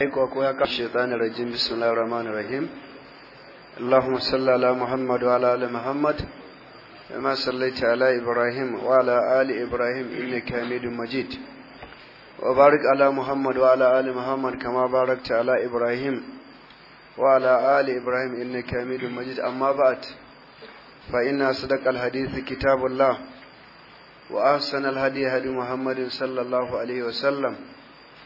aiko ko ya kashe shaitanir rajim bismillahir rahmanir rahim Allahumma salli ala Muhammad wa ala ali Muhammad kama sallaita ala Ibrahim wa ala ali Ibrahim innaka Hamidum Majid wa barik ala Muhammad wa ala ali Muhammad kama barakta ala Ibrahim wa ala ali Ibrahim innaka Hamidum Majid amma ba'd fa inna sadaqal hadith kitabullah wa ahsanal hadi hadi Muhammadin sallallahu alaihi wa sallam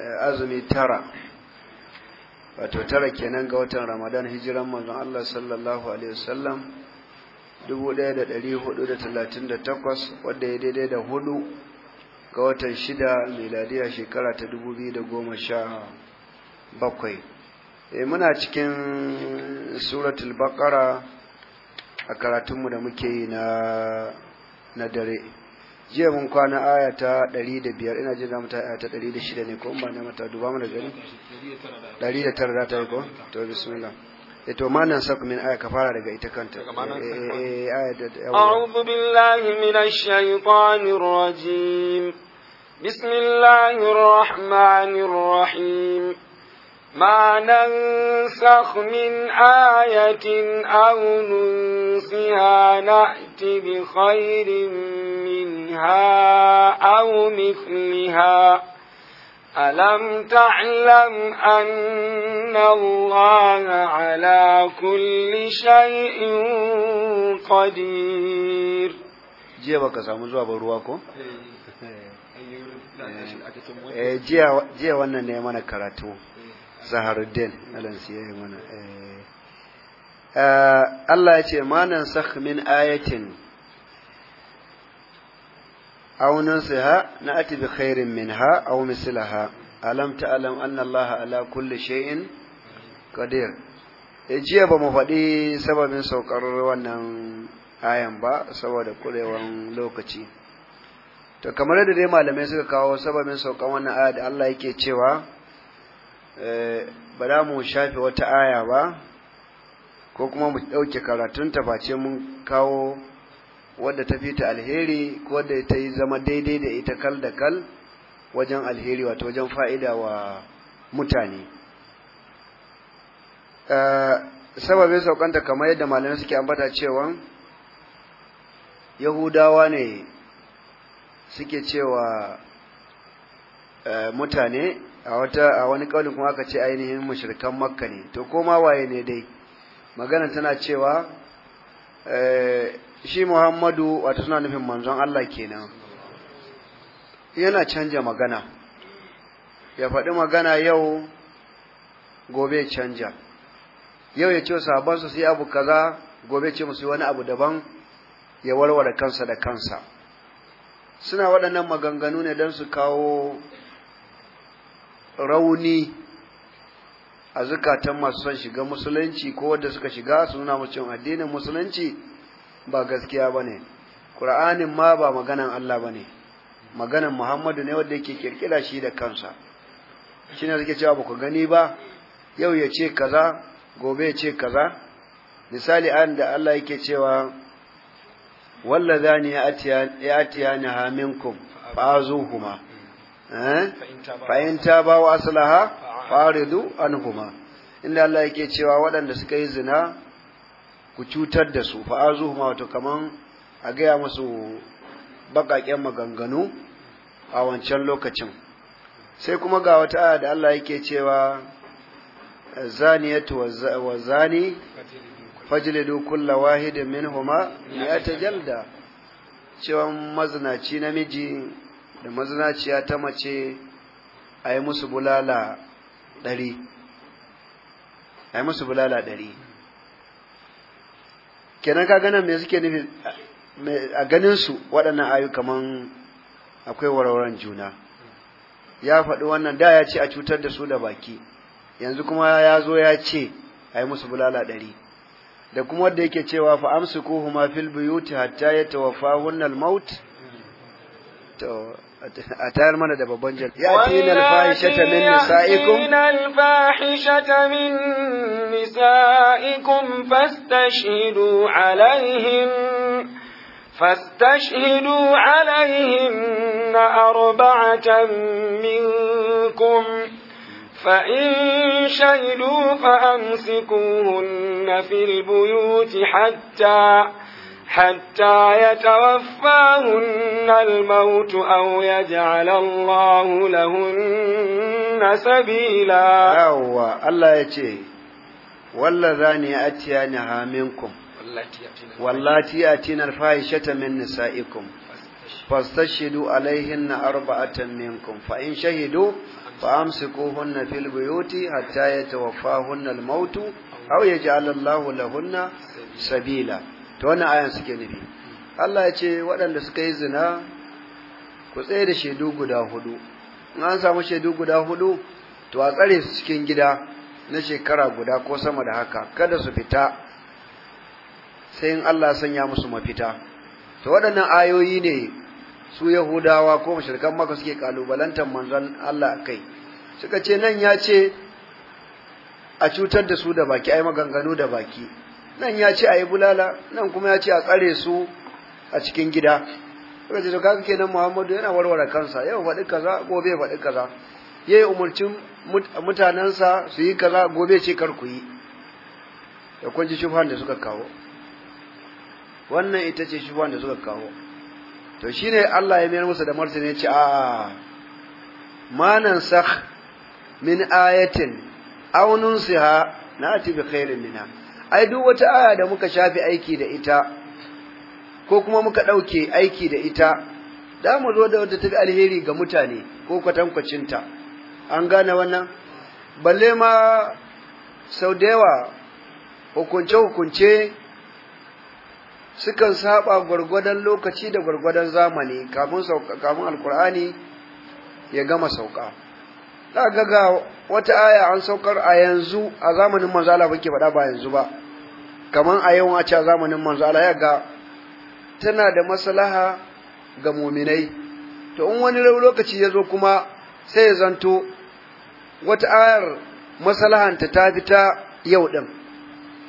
Eh, azumi tara wato tara kenan ga watan ramadan hijiran manzon Allah sallallahu alaihi wasallam 1438 wadda ya daidai da hudu ga watan shida miladiya shekara ta 2017 eh muna cikin suratul baqara a karatunmu da muke yi na na dare jiya mun kwana aya ta 105 ina jira zamu aya ta 106 ne ko ba na mata duba mana gari 109 za ta yi ko to bismillah eto eh, to ma nan sak min aya ka fara daga ita kanta eh, eh, aya da a'udhu billahi minash shaitanir rajim bismillahir rahmanir rahim ما ننسخ من آية أو ننسها نأت بخير منها أو مثلها ألم تعلم أن الله على كل شيء قدير جيبا baka samu zuwa جيبا جيبا ko? jiya wannan ne mana karatu zaharuddin yi mana eh. Eh, Allah ya ce manan sakh min ayatin aunin ha na ati bi khairin min ha au misliha alam ta'lam anna Allah ala kulli shay'in qadir eh, jiya ba mu faɗi sababin saukar wannan ayan ba saboda kurewan lokaci to kamar da dai malamai suka kawo sababin saukar wannan aya da Allah yake cewa Eh, ba za mu shafe wata aya ba ko kuma mu ɗauke ta face mun kawo wadda ta fita alheri ko wadda ta yi zama daidai da ita kal da kal wajen alheri wato wajen fa'ida wa mutane. Eh, sababe saukanta kamar yadda malamai suke ambata cewa Yahudawa ne suke cewa eh, mutane a wata a wani kaulin kuma aka ce ainihin mushrikan makka ne to koma waye ne dai magana tana cewa eh, shi muhammadu wato suna nufin manzon Allah kenan yana canja magana ya faɗi magana yau gobe canja yau ya ce sahabban su sai abu kaza gobe ce musu wani abu daban ya warware kansa da kansa suna waɗannan maganganu ne don su kawo rauni a zukatan masu son shiga musulunci ko wanda suka shiga su nuna musu addinin musulunci ba gaskiya ba ne ƙura'anin ma ba maganan Allah ba ne maganan Muhammadu ne wadda yake kirkira shi da kansa shi ne suke cewa ba ku gani ba yau ya ce kaza gobe ya ce kaza misali an da Allah yake cewa wallazani ya atiya ni haminkum fa'azuhuma Eh? fa'in ta ba wa aslaha faridu inda Allah yake cewa waɗanda suka yi zina ku cutar da su huma wato kaman a gaya musu baƙaƙen maganganu a wancan lokacin sai kuma ga wata aya da Allah yake cewa zaniyatu wa zani fajlidu kulla wahidin minhuma ta jalda cewa mazinaci namiji da mazinaciya ta mace a yi musu bulala ɗari a yi musu bulala ɗari kenan ka gana me suke nufi a ganinsu waɗannan ayu kaman akwai warwaran juna ya faɗi wannan da ya ce a cutar da su da baki yanzu kuma ya zo ya ce a yi musu bulala ɗari da kuma wanda yake cewa fa amsukuhuma fil buyuti hatta yatawaffahunna al-maut to أتار من ده ببنجل يأتينا الفاحشة من نسائكم يأتينا الفاحشة من نسائكم فاستشهدوا عليهم فاستشهدوا عليهن أربعة منكم فإن شهدوا فأمسكوهن في البيوت حتى حتى يتوفاهن الموت أو يجعل الله لهن سبيلا أو الله يتي واللذان يأتيانها منكم واللاتي أتينا الفاحشة من نسائكم فاستشهدوا عليهن أربعة منكم فإن شهدوا فأمسكوهن في البيوت حتى يتوفاهن الموت أو يجعل الله لهن سبيلا ta wannan ayan suke nufi Allah ya ce waɗanda suka yi zina ku tsaye da shaidu guda hudu in an samu shaidu guda hudu to a tsare su cikin gida na shekara guda ko sama da haka kada su fita sai in Allah sanya musu mafita to waɗannan ayoyi ne su Yahudawa ko mashirkan maka suke kalubalantar manzon Allah kai suka ce nan ya ce a cutar da su da baki ai maganganu da baki nan ya ce a yi bulala nan kuma ya ce a tsare su a cikin gida suka ce to kaga kenan Muhammadu yana warware kansa yau faɗi kaza gobe faɗi kaza yayi umurcin mutanensa su yi kaza gobe ce kar ku yi da kun shufan da suka kawo wannan ita ce shufan da suka kawo to shine Allah ya mayar musu da martani ya ce a ma nansakh min ayatin aw nunsiha na'ti bi khairin minha ai duk wata aya da muka shafi aiki da ita ko kuma muka ɗauke aiki da ita da mu zo da wata ta alheri ga mutane ko kwatankwacinta an gane wannan balle ma sau da yawa hukunce-hukunce sukan saba gwargwadon lokaci da gwargwadon zamani kamun alkur'ani ya gama sauka Da ga wata aya an saukar a yanzu a zamanin manzala Allah bake faɗa ba yanzu ba kaman a yawan a ce zamanin manzo Allah ya ga tana da maslaha ga muminai to in wani lokaci ya zo kuma sai ya zanto wata ayar maslahanta ta ta ta yau ɗin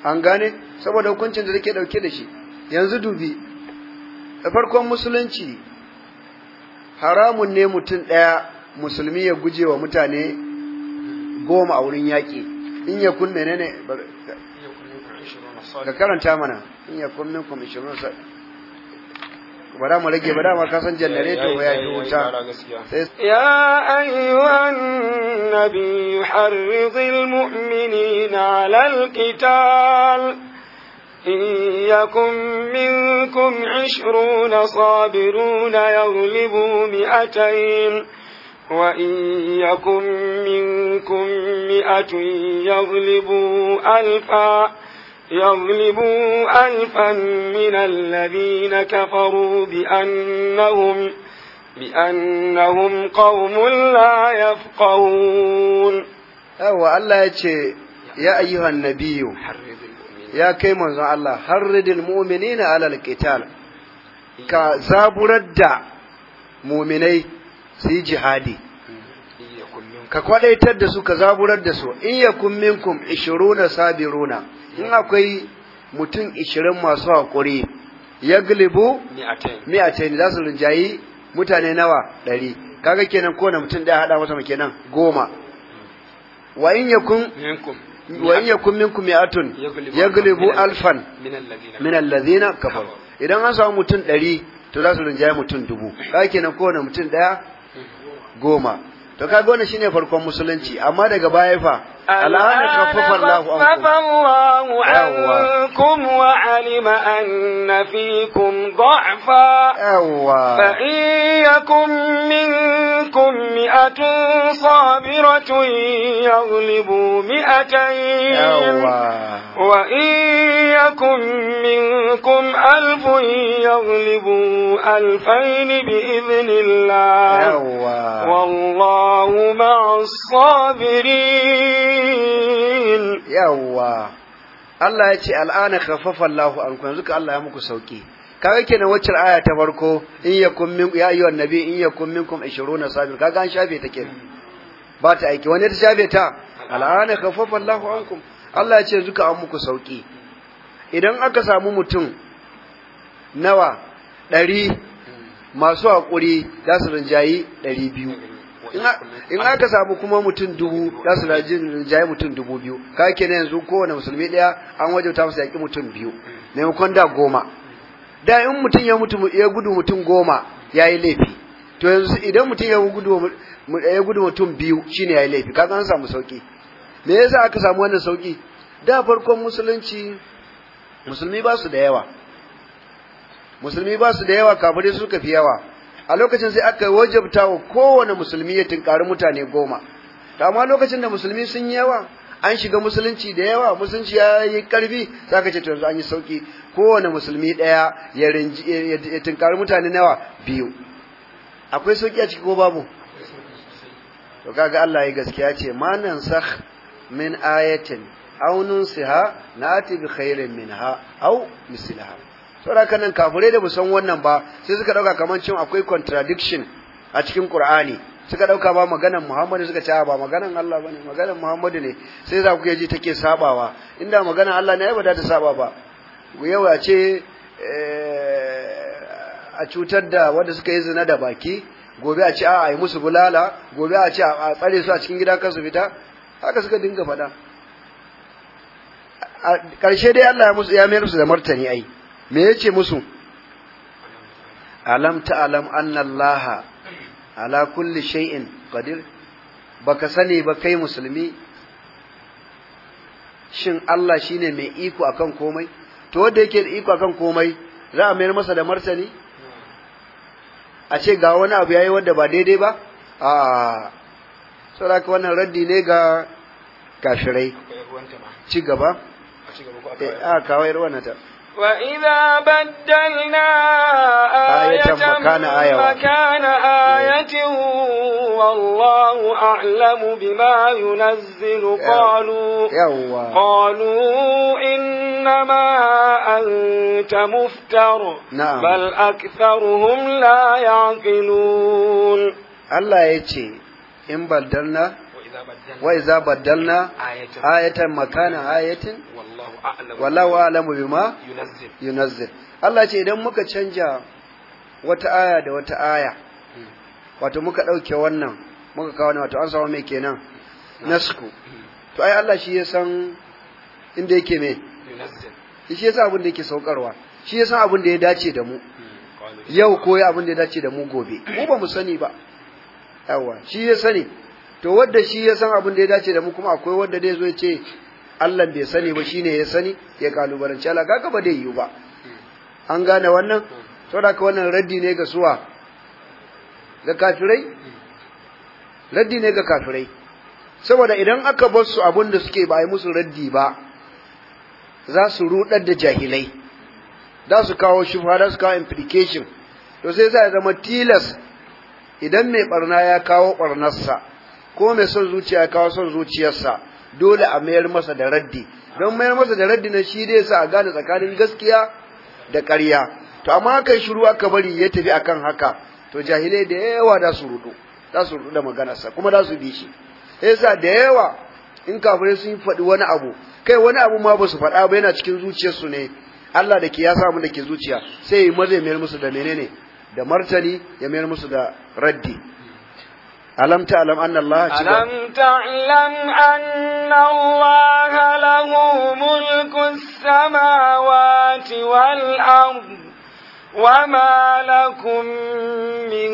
an gane saboda hukuncin da take ɗauke da shi yanzu dubi da farkon musulunci haramun ne mutum ɗaya musulmi ya guje wa mutane goma a wurin yaki? in ya kunne ne ka karanta mana in ya kun minkum 20 ba da mu rage ba da ma kasan janareto ba ya ji wuta ya ayyuhan nabi harrizil mu'minina alal qital إن يكن منكم عشرون صابرون يغلبوا مئتين وإن يكن منكم مئة يغلبوا ألفا يغلبوا ألفا من الذين كفروا بأنهم, بأنهم قوم لا يفقهون أهو أيوة، الله يا أيها النبي يا كيمون الله حرد المؤمنين على القتال كذاب رد مؤمني سي جهادي كقوله تدسو كذاب رد سو إيكم منكم عشرون سابرون in akwai mutum ishirin masu haƙuri ya gilibu mi'atain za su rinjayi mutane nawa ɗari kaga kenan kowane mutum ɗaya haɗa masa kenan goma wa in yakun wa in yakun minkum mi'atun yaglibu alfan min lazina kafar. idan an samu mutum ɗari to za su rinjaye mutum dubu kaga kenan kowane mutum ɗaya hmm. goma to kaga wannan shine farkon musulunci amma daga baya fa الآن خفف الله عنكم الله عنكم وعلم أن فيكم ضعفا فإن يكن منكم مئة صابرة يغلبوا مئتين وإن يكن منكم ألف يغلبوا ألفين بإذن الله والله مع الصابرين qalil yawa Allah ya ce al'ana khaffafa Allahu anku yanzu ka Allah ya muku kaga kenan wacce aya ta farko in yakum min ya ayyuhan nabi in yakum minkum 20 sabir kaga an shafe ta kenan ba ta aiki wani ta shafe ta al'ana khaffafa Allahu ankum Allah ya ce yanzu ka an muku sauki idan aka samu mutum nawa ɗari masu haƙuri za su rinjayi ɗari biyu in aka samu kuma mutum dubu za su rinjaye mutum dubu biyu ka na yanzu kowane musulmi ɗaya an waje ta masa yaƙi mutum biyu maimakon da goma da in mutum ya mutum ya gudu mutum goma ya yi laifi to yanzu idan mutum ya gudu ya gudu mutum biyu shine ya yi laifi Ka an samu sauki me yasa aka samu wannan sauki da farkon musulunci musulmi ba su da yawa musulmi ba su da yawa kafirai suka fi yawa a lokacin sai aka wajabta wa kowane musulmi ya tinkari mutane goma to amma lokacin da musulmi sun yi yawa an shiga musulunci da yawa musulunci ya yi karfi za ka ce to yanzu an yi sauki kowane musulmi ɗaya ya tinkari mutane nawa biyu akwai sauki a ciki ko babu to kaga Allah ya gaskiya ce ma sah min ayatin siha na ati bi khairin minha aw mislaha saboda nan kafure da musan wannan ba sai suka dauka kaman cin akwai contradiction a cikin Qur'ani suka dauka ba maganan Muhammadu suka ce ah, ba maganan Allah bane maganan Muhammadu ne sai za ku yaji take sabawa inda maganan Allah ne ba da ta saba ba yau a ce eh, a cutar da wanda suka yi zina da baki gobe a ce ah, a yi musu bulala gobe a ce a tsare su a cikin gidan kansu fita haka suka dinga faɗa a ƙarshe dai Allah ya musu ya mayar musu da martani ai me yace musu alam ta alam allaha ala kulli shay'in qadir baka sani ba kai musulmi shin Allah shine mai iko akan komai to wanda yake da iko akan komai za a mayar masa da martani a ce ga wani abu yayi wanda ba daidai ba a saboda wannan raddi ne ga kafirai ci gaba a kawai ruwan ta وإذا بدلنا آية مكان آية, مكان آية والله أعلم بما ينزل قالوا قالوا إنما أنت مفتر نعم. بل أكثرهم لا يعقلون الله يجي إن بدلنا وإذا بدلنا آية مكان آية wallahu a'lamu bima yunazzil Allah ce idan muka canja wata aya da wata aya wato muka dauke wannan muka kawo wato an samu mai kenan nasku to ai Allah shi ya san inda yake me shi ya san abin da yake saukarwa shi ya san abin da ya dace da mu yau ko ya abin da ya dace da mu gobe mu ba mu sani ba yawa shi ya sani to wanda shi ya san abin da ya dace da mu kuma akwai wanda zai zo ya ce Allah bai sani ba shine ya sani ya kalubalanci Allah kaga ba dai yiwu ba an gane wannan to da ka wannan raddi ne ga suwa ga kafirai raddi ne ga kafirai saboda idan aka bar su abin da suke ba yi musu raddi ba za su rudar da jahilai za su kawo shufa za su kawo implication to sai za zama tilas idan mai barna ya kawo barnarsa ko mai son zuciya ya kawo son zuciyarsa dole a mayar masa da raddi don mayar masa da raddi na shi dai sa a gane tsakanin gaskiya da ƙarya to amma kai shiru aka bari ya tafi akan haka to jahilai da yawa da su rudu da su rudu da maganarsa kuma da su bi shi sa da yawa in kafirai sun faɗi wani abu kai wani abu ma ba su faɗa ba yana cikin zuciyarsu ne Allah da ke ya samu da ke zuciya sai ya maza ya mayar musu da menene da martani ya mayar musu da raddi alam ta'lam anna Allah alam ta'lam anna إن الله له ملك السماوات والأرض وما لكم من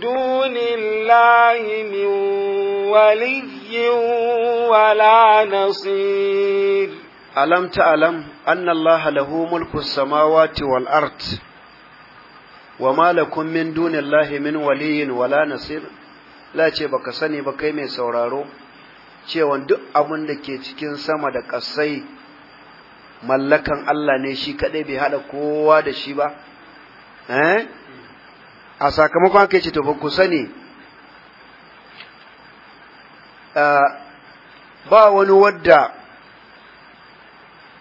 دون الله من ولي ولا نصير ألم تعلم أن الله له ملك السماوات والأرض وما لكم من دون الله من ولي ولا نصير لا ce baka sani ba kai mai sauraro cewa duk abin da ke cikin sama da ƙasai mallakan Allah ne shi kaɗai bai haɗa kowa da shi ba? Eh? A sakamakon aka ce, to ba ku sani, ba wani wadda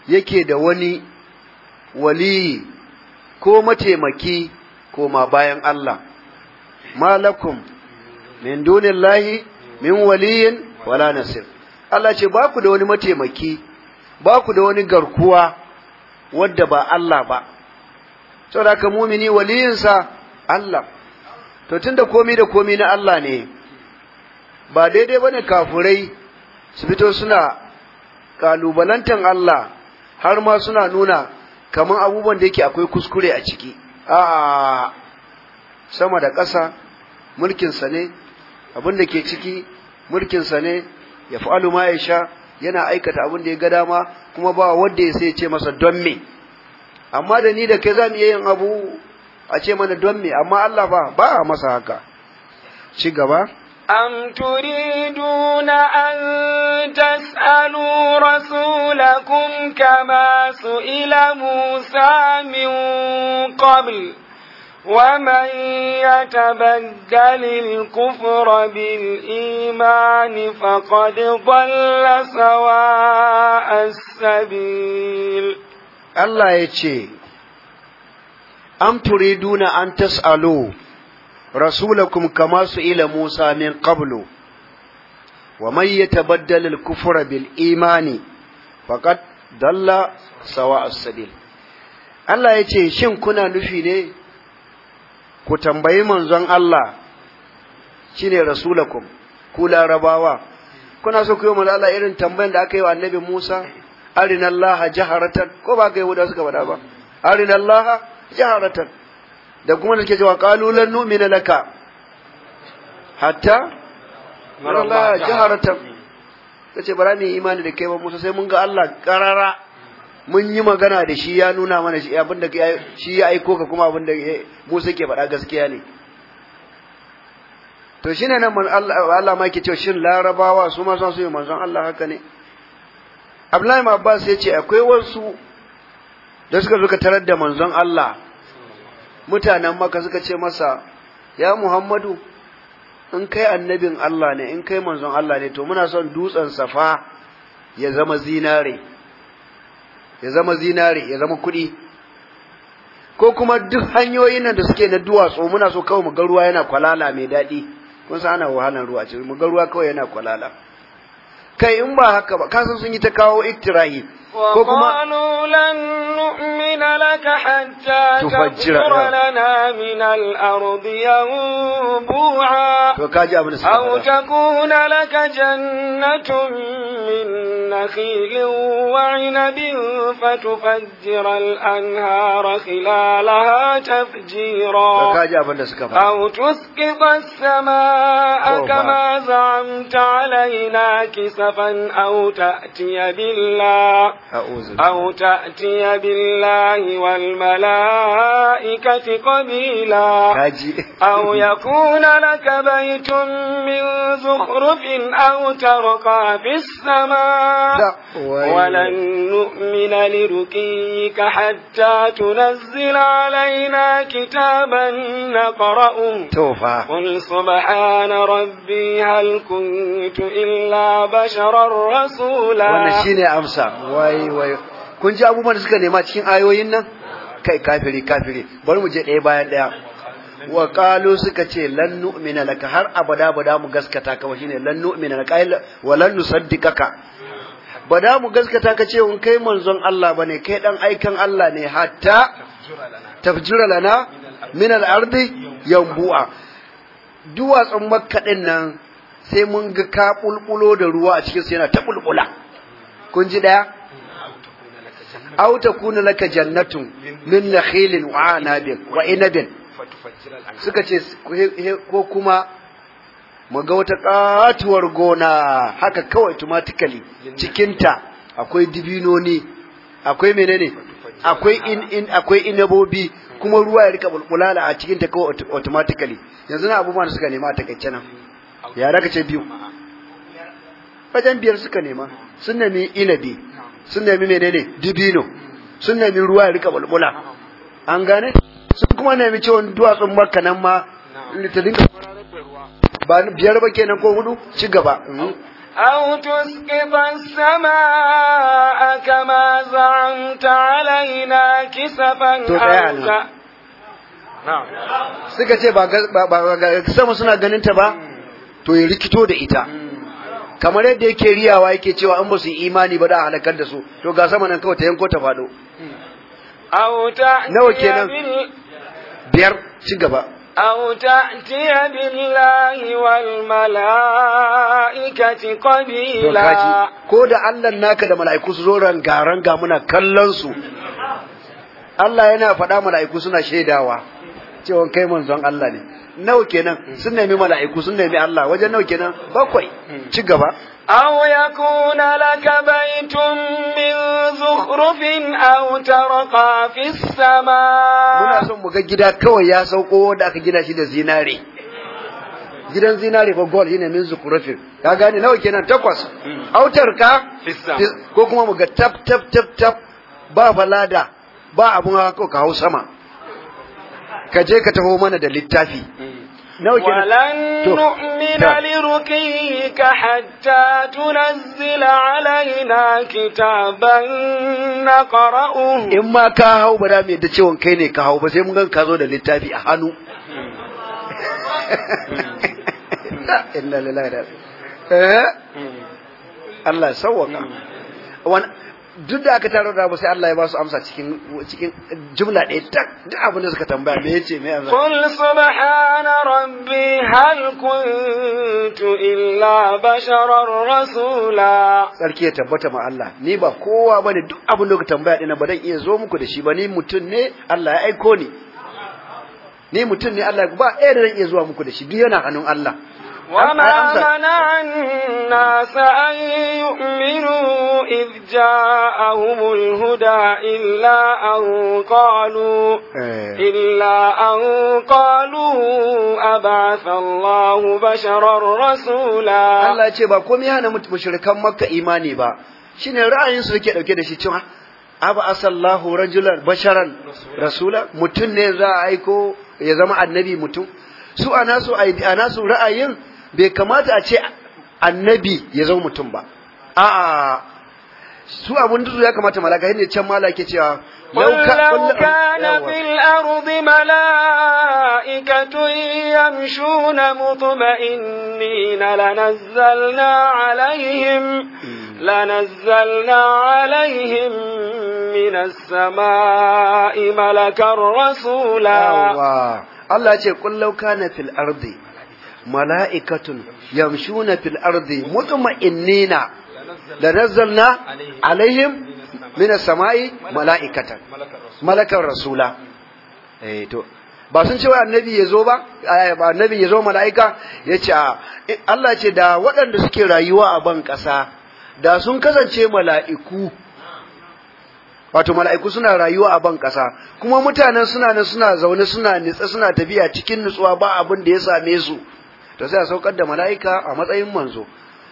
yake da wani waliyi ko mataimaki ko ma bayan Allah, malakum min dunillahi min waliyin wala nasir Allah ce ba ku da wani mataimaki ba ku da wani garkuwa wadda ba Allah ba saboda ka mumini waliyinsa Allah to tunda komai da komai na Allah ne ba daidai bane kafurai su fito suna kalubalantan Allah har ma suna nuna kaman abubuwan da yake akwai kuskure a ciki a'a sama da ƙasa mulkinsa ne abin da ke ciki mulkinsa ne ya fa'alu ma ya sha yana aikata abin da ya ga dama kuma ba wanda ya sai ce masa don me amma da ni da kai zan yi yin abu a ce mana don me amma Allah ba ba masa haka ci gaba أم an tasalu تسألوا kama su ila musa min qabl ومن يتبدل الكفر بالإيمان فقد ضل سواء السبيل الله يتشي أم تريدون أن تسألوا رسولكم كما سئل موسى من قبل ومن يتبدل الكفر بالإيمان فقد ضل سواء السبيل Allah ya ce, Shin kuna nufi ne ku tambayi manzon Allah shine rasulakum ku larabawa kuna so ku yi manzon Allah irin tambayan da aka yi wa annabi Musa arinallaha jaharatan ko ba ga yahuda suka faɗa ba arinallaha jaharatan da kuma da ke cewa qalu lan nu'mina laka hatta marallaha jaharatan kace bara ni imani da kai ba Musa sai mun ga Allah qarara mun yi magana da shi ya nuna mana shi abin da shi ya aiko ka kuma abin da Musa ke faɗa gaskiya ne to shi ne nan Allah ma ke cewa shin larabawa su ma san su yi manzon Allah haka ne Abdullahi Abbas ya ce akwai wasu da suka zo ka tarar da manzon Allah mutanen maka suka ce masa ya Muhammadu in kai annabin Allah ne in kai manzon Allah ne to muna son dutsen safa ya zama zinare ya zama zinari ya zama kuɗi ko kuma duk hanyoyin nan da suke na duwatsu muna so kawai mu ga ruwa yana kwalala mai daɗi kun san ana wahalan ruwa ce mu ga ruwa kawai yana kwalala kai in ba haka ba kasan sun yi ta kawo iktirahi ko kuma lan nu'mina laka hatta tufajjira lana takuna laka jannatun min nakhilin wa 'inabin fatufajjira al-anhara khilalaha kisafan أو تأتي بالله والملائكة قبيلا أو يكون لك بيت من زخرف أو ترقى في السماء ولن نؤمن لرقيك حتى تنزل علينا كتابا نقرأه قل سبحان ربي هل كنت إلا بشرا رسولا kunji abubuwan da suka nema cikin ayoyin nan kai kafiri kafiri bari mu je ɗaya bayan ɗaya wa qalu suka ce lan nu'mina laka har abada bada mu gaskata ka wa shine lan nu'mina laka wa lan nusaddiqaka bada mu gaskata ka ce in kai manzon Allah bane kai dan aikan Allah ne hatta tafjura lana min al-ardi yanbu'a duwatsun makka din nan sai mun ga ka bulbulo da ruwa a cikin sai yana ta bulbula kun ji daya aw takuna laka jannatun min nakhilin wa anabin suka ce ko kuma mu ga wata katuwar gona haka kawai tumatikali cikinta akwai dibinoni akwai menene akwai in in akwai kuma ruwa ya rika bulbulala a cikin kawai automatically yanzu na abubuwan suka nema a takaice nan ya raka ce biyu wajen biyar suka nema sun nemi inabi sun nemi menene dibino sun nemi ruwa ya rika bulbula an gane sun kuma nemi ciwon duwatsun makka nan ma ta dinga ba biyar ba kenan ko hudu ci gaba أو تسقط السماء كما زعمت علينا كسفا أو suka ce ba sama suna ganin ta ba hmm. to ya rikito da ita hmm. kamar yadda yake riyawa yake cewa an ba su imani ba da halakar da su to ga sama nan kawai ta yanko ta faɗo auta nawa kenan biyar ci gaba auta tiya billahi wal malaikati qabila ko da Allah naka da malaiku su zo rangaran ga muna kallon su Allah yana faɗa malaiku suna shaidawa cewa kai manzon Allah ne nawa kenan sun nemi mala'iku sun nemi Allah wajen nawa kenan bakwai ci gaba aw yakuna laka baytun min zukhrufin aw tarqa fi sama muna son mu ga gida kawai ya sauko da aka gina shi da zinare gidan zinare ko gold shine min zukhrufin ka gane nawa kenan takwas hmm. aw tarqa ko kuma mu ga tap tap tap tap ba falada ba abun haka ka hau sama Kaje ka taho mana da littafi mm. nawa ke walan nu'mina liruqika hatta tunzila alaina kitaban naqra'uhu in ma ka hau bara me da cewon kai ne ka hau ba sai mun ganka zo da littafi a hannu mm. inna lillahi da eh mm. Allah sawwaka duk da aka taro da sai Allah ya ba su amsa cikin cikin jumla ɗaya tak duk abin da suka tambaya me yace me amsa qul subhana rabbi hal kuntu illa basharar rasula sarki ya tabbata ma Allah ni ba kowa bane duk abin da ka tambaya dina ba dan iya zo muku da shi ba ni mutum ne Allah ya aiko ni ni mutum ne Allah ba ɗaya da zan iya zuwa muku da shi duk yana hannun Allah وما منع الناس أن يؤمنوا إذ a الهدى إلا أن قالوا إلا أن قالوا أبعث الله بشرا رسولا الله يجب أن هنا مشركان مكة إيماني با shine ra'ayin su yake dauke da shi cewa abu asallahu rajulan basharan rasula mutum ne za aiko ya zama annabi mutum su a nasu ra'ayin bai kamata a ce annabi ya zama mutum ba a'a su abun dudu ya kamata malaka ne can malaka cewa لو كان في الأرض ملائكة يمشون مطمئنين لنزلنا عليهم لنزلنا عليهم من السماء ملكا رسولا الله الله يقول لو كان في الأرض mala'ikatun yamshuna fil ardi mutma'innina da nazalna alaihim min samai mala'ikatan malakan rasula eh to ba sun ce wai annabi ya zo ba eh, annabi ya zo mala'ika ya ce eh, Allah ce da waɗanda suke rayuwa a ban ƙasa da sun kasance mala'iku wato mala'iku suna rayuwa a ban ƙasa kuma mutanen suna nan suna zaune suna nitsa suna tafiya cikin nutsuwa ba abin da ya same su to sai a saukar da mala'ika a matsayin manzo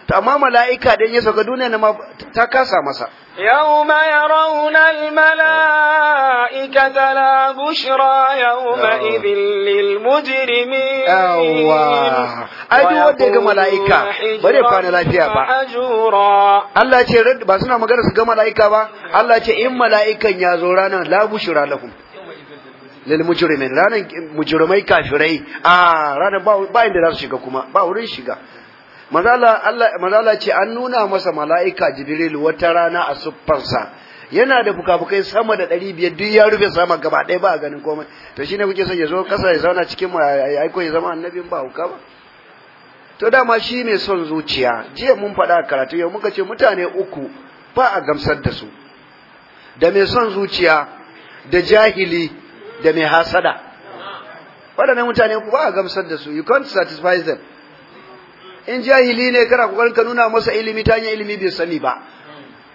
to amma mala'ika dan ya sauka duniya na ta kasa masa yawma yarawna almala'ikata la bushra yawma idhil lil mujrimin awwa ai duk wanda ga mala'ika bare fara lafiya ba Allah ce ba suna magana su ga mala'ika ba Allah ce in mala'ikan ya zo ranar la bushra lahum lil mujrimin ranan mujrimai kafirai a ranan ba ba inda za su shiga kuma ba wurin shiga manzala Allah manzala ce an nuna masa malaika jibril wata rana a suffansa yana da fukafukai sama da ɗari biyar duk ya rufe sama gaba ɗaya ba a ganin komai to shine kuke son ya zo kasa ya zauna cikin mu aiko ya zama annabin ba hauka ba to dama shi ne son zuciya jiya mun faɗa karatu yau muka ce mutane uku ba a gamsar da su da mai son zuciya da jahili da mai hasada waɗannan mutane ku ba a gamsar da su you can't satisfy them in jahili ne kana kokarin ka nuna masa ilimi ta hanyar ilimi bai sani ba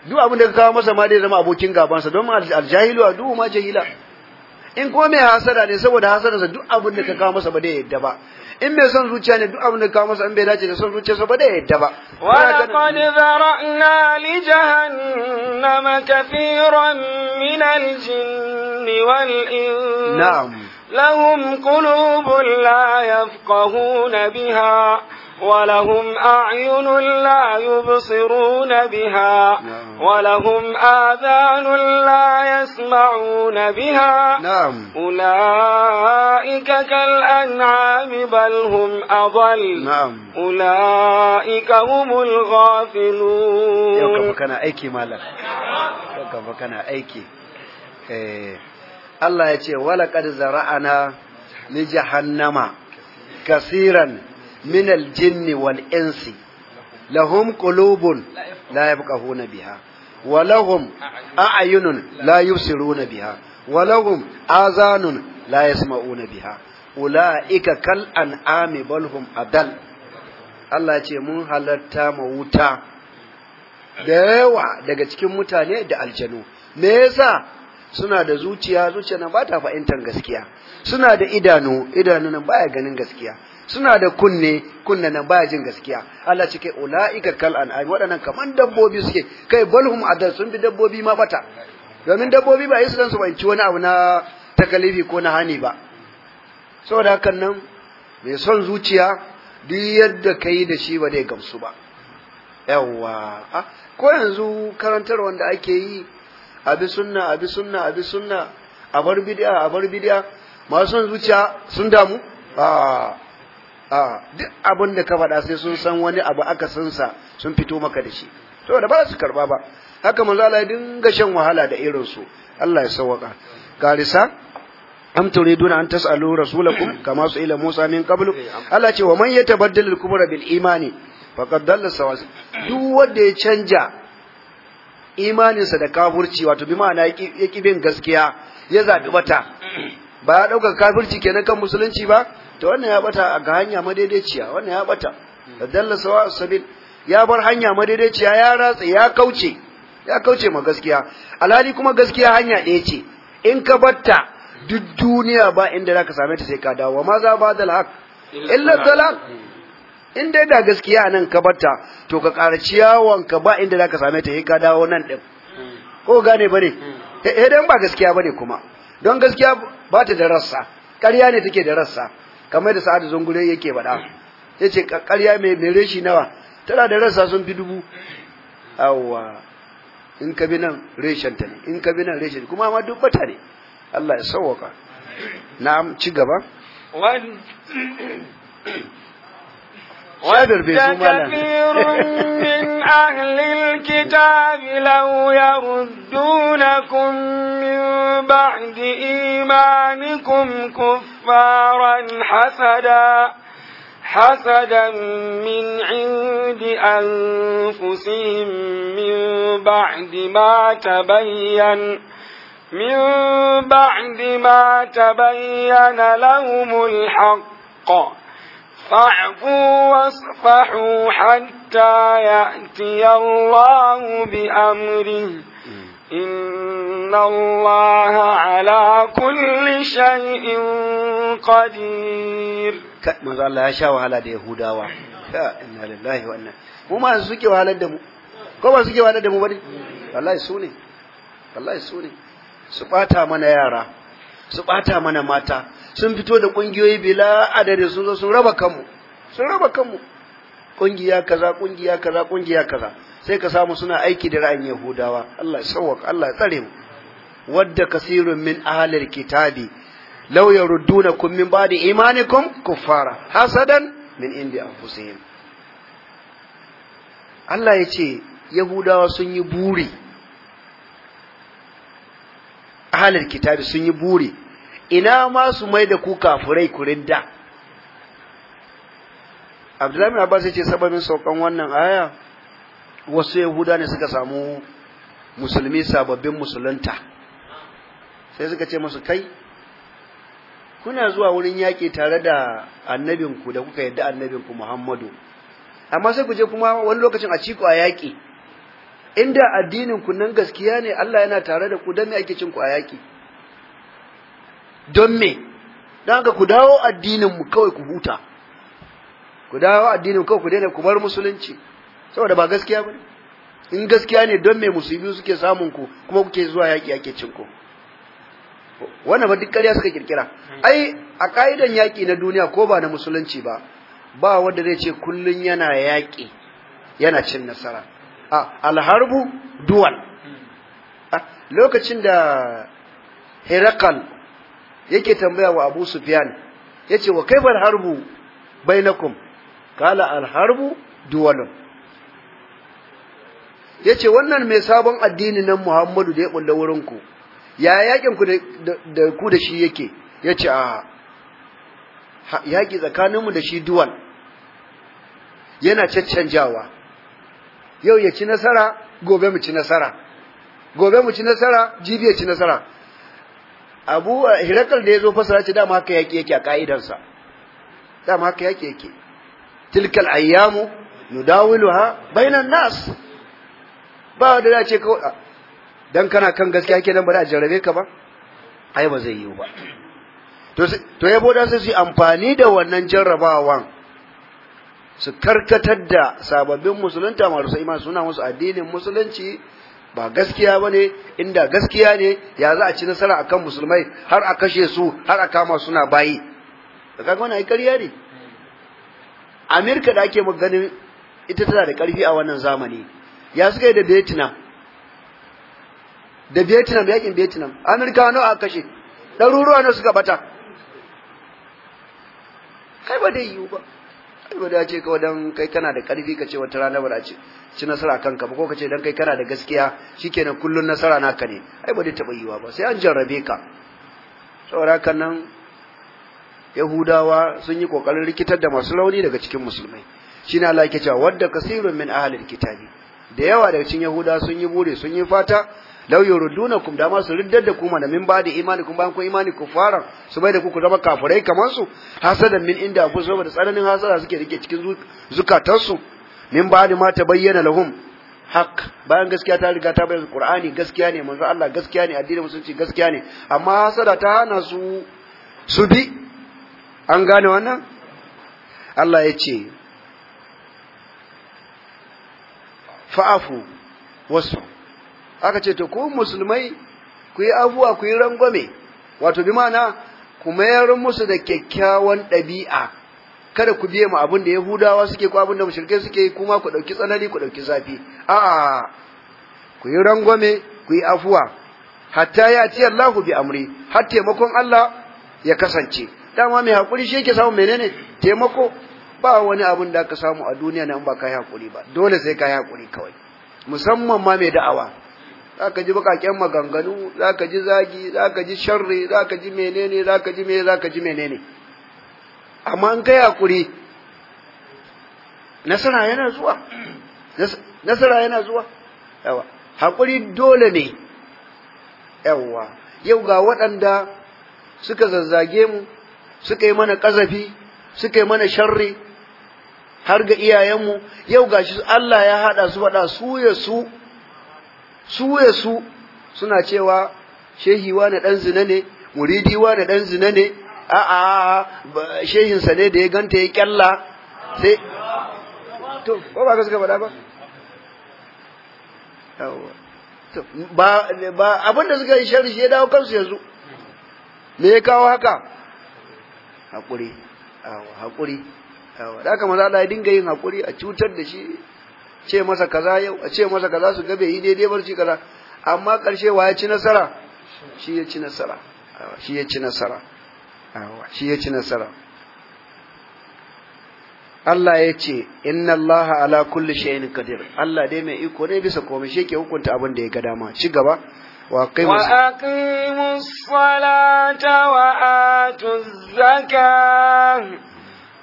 duk abin da ka kawo masa ma dai zama abokin gabansa don aljahilu a duhu ma jahila in ko mai hasada ne saboda sa duk abin da ka kawo masa ba dai yadda ba in bai son zuciya ne duk abin da kawo masa in bai dace da son zuciya ba da yadda ba ولقد ذرأنا لجهنم كثيرا من الجن والإنس نعم لهم قلوب لا يفقهون بها ولهم أعين لا يبصرون بها ولهم آذان لا يسمعون بها نعم أولئك كالأنعام بل هم أضل نعم أولئك هم الغافلون يوكب كان أيكي مالك يوكب كان أيكي Allah ya ce, Wala ƙad zara'ana li jahannama, kasiran Minal aljinni wal insi lahum qulubun la na biha Walahum lahum a'yunun la yubsiruna biha wa lahum azanun la yasma'una biha ula'ika kal an'ami bal hum adal Allah ce mun halarta ma wuta da yawa daga cikin mutane da aljanu me yasa suna da zuciya zuciya na ba ta fahimtar gaskiya suna da idanu idanu nan baya ganin gaskiya suna da kunne kunne nan baya jin gaskiya Allah ce kai ulaika kal an'am waɗannan kaman dabbobi suke kai balhum adal sun bi dabbobi ma bata domin dabbobi ba yi su dan su banci wani abu na takalifi ko na hani ba saboda hakan nan mai son zuciya duk yadda kai da shi ba zai gamsu ba yawwa ah, ko yanzu karantar wanda ake yi abi sunna abi sunna abi sunna a bar bid'a a bar bid'a masu son zuciya sun damu a ah. a ah, duk abin da ka faɗa sai sun san wani abu aka san sa sun fito maka da shi to da ba su karba ba haka manzo Allah ya dinga shan wahala da irin su Allah ya sauka garisa am turiduna an tasalu rasulakum kama su ila Musa min qablu Allah ce wa man yatabaddal al-kubra bil imani faqad dalla sawas duk wanda ya canja imaninsa da kafirci wato bi ma'ana ya bin gaskiya ya zabi wata ba ya dauka kafirci kenan kan musulunci ba to wannan ya bata ga hanya madaidaiciya wannan ya bata dalla sawa sabil ya bar hanya madaidaiciya ya ratsa ya kauce ya kauce ma gaskiya alhali kuma gaskiya hanya ɗaya ce in ka batta duk duniya ba inda zaka same ta sai ka dawo ma za ba da lahak illa dalal in dai da gaskiya nan ka batta to ka ƙara ciyawan ka ba inda zaka same ta sai ka dawo nan din ko gane ba hmm. eh, eh dan ba gaskiya bane kuma don gaskiya ba ta da rassa ƙarya ne take da rassa kamar da sa'adu zungure yake bada yace ce mai mai reshi nawa tana da rasa sun fi dubu awwa in ka bi nan reshen ta ne in ka bi nan reshen kuma ma duk bata ne Allah ya sauwaka na ci gaba شد كثير من أهل الكتاب لو يردونكم من بعد إيمانكم كفارا حسدا حسدا من عند أنفسهم من بعد ما تبين من بعد ما تبين لهم الحق فاعفوا واصفحوا حتى يأتي الله بأمره إن الله على كل شيء قدير manzo Allah ya sha wahala da Yahudawa ka inna lillahi wa inna mu suke wahalar da mu ko ba suke wahalar da mu bane wallahi su ne wallahi su ne su bata mana yara su ɓata mana mata sun fito da ƙungiyoyi bila adare sun zo sun raba kanmu sun raba kanmu kungiya kaza kungiya kaza kungiya kaza sai ka samu suna aiki da ra'ayin yahudawa Allah ya sauka Allah ya tsare mu wadda kasirun min ahlil kitabi law yaruddunakum min ba'di imanikum kuffara hasadan min indi anfusihim Allah ya ce yahudawa sun yi buri ahalar kitabi sun yi buri ina ma su mai da ku kafurai kurin da abdullahi bin abbas yace sababin saukan wannan aya wasu yahuda ne suka samu musulmi sababbin musulunta sai suka ce musu kai kuna zuwa wurin yaƙi tare da annabinku da kuka yadda annabinku muhammadu amma sai ku je kuma wani lokacin a ciko a yaƙi inda addinin ku nan gaskiya ne Allah yana tare da ku don me ake cin ku a yaki don me don ga ku dawo addinin mu kawai ku huta ku dawo addinin kawai ku daina ku bar musulunci saboda ba gaskiya bane in gaskiya ne don me musulmi suke samun ku kuma kuke zuwa yaki ake cin ku wannan ba duk ƙarya suka kirkira ai a ka'idan yaki na duniya ko ba na musulunci ba ba wanda zai ce kullun yana yaki yana cin nasara alharbu duwal lokacin da herakal yake tambaya wa abu ya ce, wa bai harbu kum, kala alharbu duwalun ce wannan mai sabon addini nan Muhammadu da ya kulla wurinku, ya yakin ku da ku da shi yake ce a yaki tsakaninmu da shi duwal yana caccanjawa yau ya ci nasara gobe mu ci nasara gobe mu ci nasara jibi ya ci nasara abu hirakal eh, da ya zo fasara ce dama haka yaƙi yake a ka'idarsa dama haka yaƙi yake tilkal ayyamu ha bainan nas ba wanda dace ce ko ah, dan kana kan gaskiya nan ba da jarrabe ka ba ai ba zai yiwu ba to to yabo sai su yi amfani da wannan jarrabawan su karkatar da sababbin musulunta masu iman suna musu addinin musulunci ba gaskiya ba ne inda gaskiya ne ya za a ci nasara akan musulmai har a kashe su har a kama suna bayi da kaga wani ƙarya ne amerika da ake maganin ita tana da ƙarfi a wannan zamani ya suka yi da vietnam da vietnam yakin vietnam amerika nawa a kashe ɗaruruwa na suka bata kai ba dai yiwu ba ko da ce kawai dan kai kana da karfi ka ce wata rana bara ce ci nasara kanka ba ko ka ce dan kai kana da gaskiya shi shikenan kullun nasara naka ne ai ba dai taɓa yiwa ba sai an jarrabe ka saboda haka Yahudawa sun yi kokarin rikitar da masu rauni daga cikin musulmai shine na yake cewa wadda kasirun min ahalin kitabi da yawa daga cikin Yahudawa sun yi bure sun yi fata law yurdunakum da ma su riddar da ku mana min ba da imani kun bayan ku imani fara su bai da ku ku zama kafirai kamar su hasadan min inda ku da tsananin hasara suke rike cikin zukatansu min ba da ma bayyana lahum haq bayan gaskiya ta riga ta bayyana qur'ani gaskiya ne manzo Allah gaskiya ne addinin musulunci gaskiya ne amma hasada ta hana su su bi an gane wannan Allah ya ce fa'afu wasu aka ce to ku musulmai ku yi abuwa ku yi rangwame wato bi mana ku mayar musu da kyakkyawan ɗabi'a kada ku biye mu abin da yahudawa suke ko abin da mushrikai suke kuma ku ɗauki tsanani ku ɗauki zafi a'a ku yi rangwame ku yi afuwa hatta ya ci Allahu bi amri har taimakon Allah ya kasance dama mai hakuri shi yake samu menene taimako ba wani abin da aka samu a duniya nan ba ka yi hakuri ba dole sai ka yi hakuri kawai musamman ma mai da'awa za ka ji bakaken maganganu za ka ji zagi za ka ji sharri za ka ji menene za ka ji me za ka ji menene amma an kai hakuri nasara yana zuwa nasara yana zuwa yawa hakuri dole ne yawa yau ga waɗanda suka zazzage mu suka yi mana ƙazafi suka yi mana sharri har ga iyayenmu yau gashi Allah ya haɗa su faɗa su ya su su ya su suna cewa shehi wani dan zina ne muridi wani dan zina ne a'a sa ne da ya ganta ya kyalla sai to ko ba ka suka faɗa ba ba ba abin da suka yi sharri ya dawo kansu yanzu me ya kawo haka hakuri awa hakuri awa da haka maza Allah ya dinga yin hakuri a cutar da shi ce masa kaza yau a ce masa kaza su gabe yi daidai barci kaza amma karshe wa ya ci nasara shi ya ci nasara shi ya ci nasara shi ya ci nasara Allah ya ce inna Allah ala kulli shay'in qadir Allah dai mai iko ne bisa komai shi ke hukunta abin da ya ga dama ci gaba salata wa atuz zakah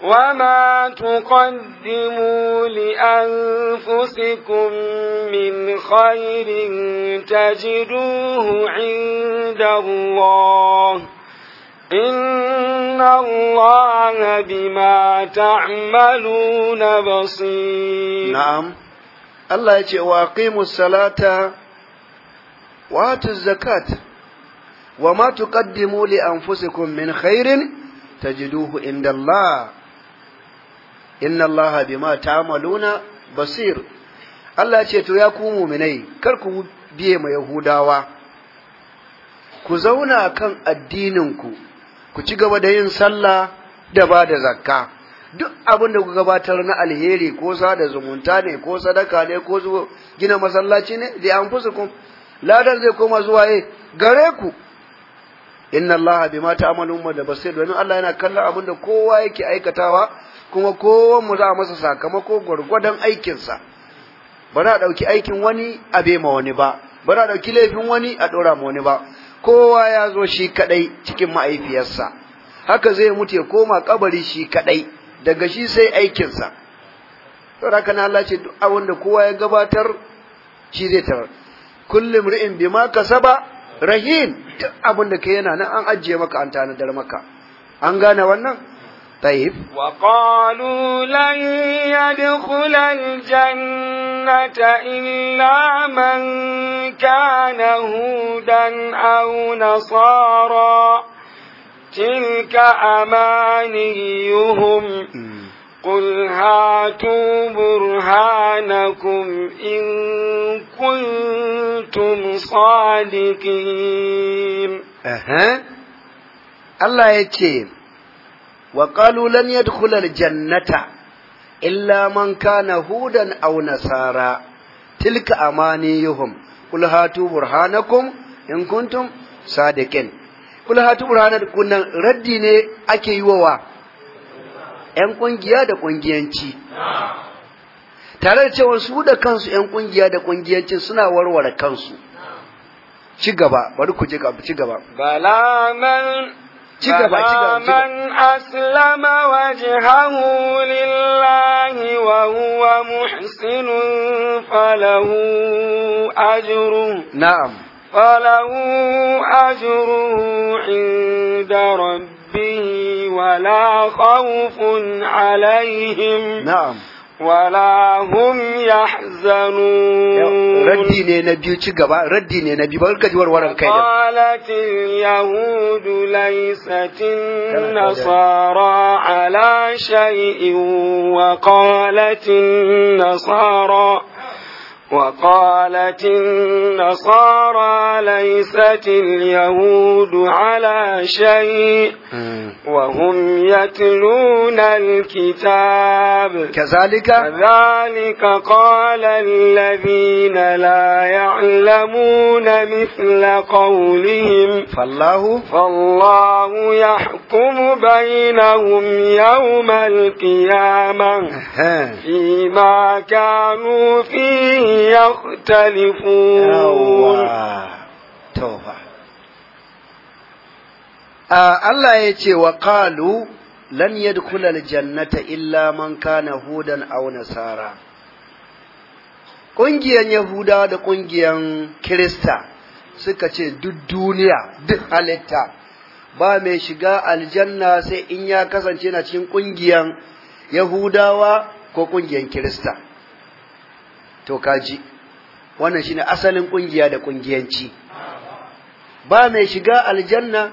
وما تقدموا لأنفسكم من خير تجدوه عند الله إن الله بما تعملون بصير نعم الله يجي واقيموا الصلاة وآتوا الزكاة وما تقدموا لأنفسكم من خير تجدوه عند الله inna allaha bima ta'maluna basir Allah ce to ya ku mu'minai kar ku biye ma yahudawa ku zauna kan addinin ku ku ci gaba da yin sallah da ba da zakka duk abin da ku gabatar na alheri ko sada zumunta ne ko sadaka ne ko gina masallaci ne da anfusukum ladan zai koma zuwa eh gare ku inna allaha bima ta'maluna basir domin Allah yana kallon abin da kowa yake aikatawa kuma kowa mu za masa sakamako gwargwadon aikinsa ba za a ɗauki aikin wani a ma wani ba ba za a ɗauki laifin wani a ɗora ma wani ba kowa ya zo shi kaɗai cikin ma'aifiyarsa haka zai mutu ya koma kabari shi kaɗai daga shi sai aikinsa to raka na Allah ce duk abin da kowa ya gabatar shi zai tar kullum ri'in bima kasaba rahin duk abin da kai yana nan an ajiye maka an tanadar maka an gane wannan طيب وقالوا لن يدخل الجنة إلا من كان هودا أو نصارى تلك أمانيهم قل هاتوا برهانكم إن كنتم صادقين أها الله يتيم وقالوا لن يدخل الجنة إلا illa man هودا hudan aw nasara tilka قل هاتوا برهانكم إن كنتم صادقين قل هاتوا برهانكم burhanakum nan raddi ne ake yi wa ƴan kungiya da kungiyanci tare da cewa su da kansu 'yan kungiya da kungiyancin suna warware kansu ci gaba bari ku ci gaba فمن أسلم وجهه لله وهو محسن فله أجر نعم فله أجر عند ربه ولا خوف عليهم نعم wala hum yahzanun raddi ne na biyu ci gaba raddi ne na biyu ba ka ji warwaran kai da qalatil yahudu laysatin nasara ala shay'in wa qalatin nasara وقالت النصارى ليست اليهود على شيء وهم يتلون الكتاب كذلك كذلك قال الذين لا يعلمون مثل قولهم فالله فالله يحكم بينهم يوم القيامة فيما كانوا فيه يختلفون توبة الله يتي وقالوا لن يدخل الجنة إلا من كان هودا أو nasara. ƙungiyar Yahuda da ƙungiyar Kirista suka ce duk duniya duk halitta ba mai shiga aljanna sai in ya kasance na cikin ƙungiyar Yahudawa ko ƙungiyar Kirista. to kaji wannan shine asalin kungiya da kungiyanci ba mai shiga aljanna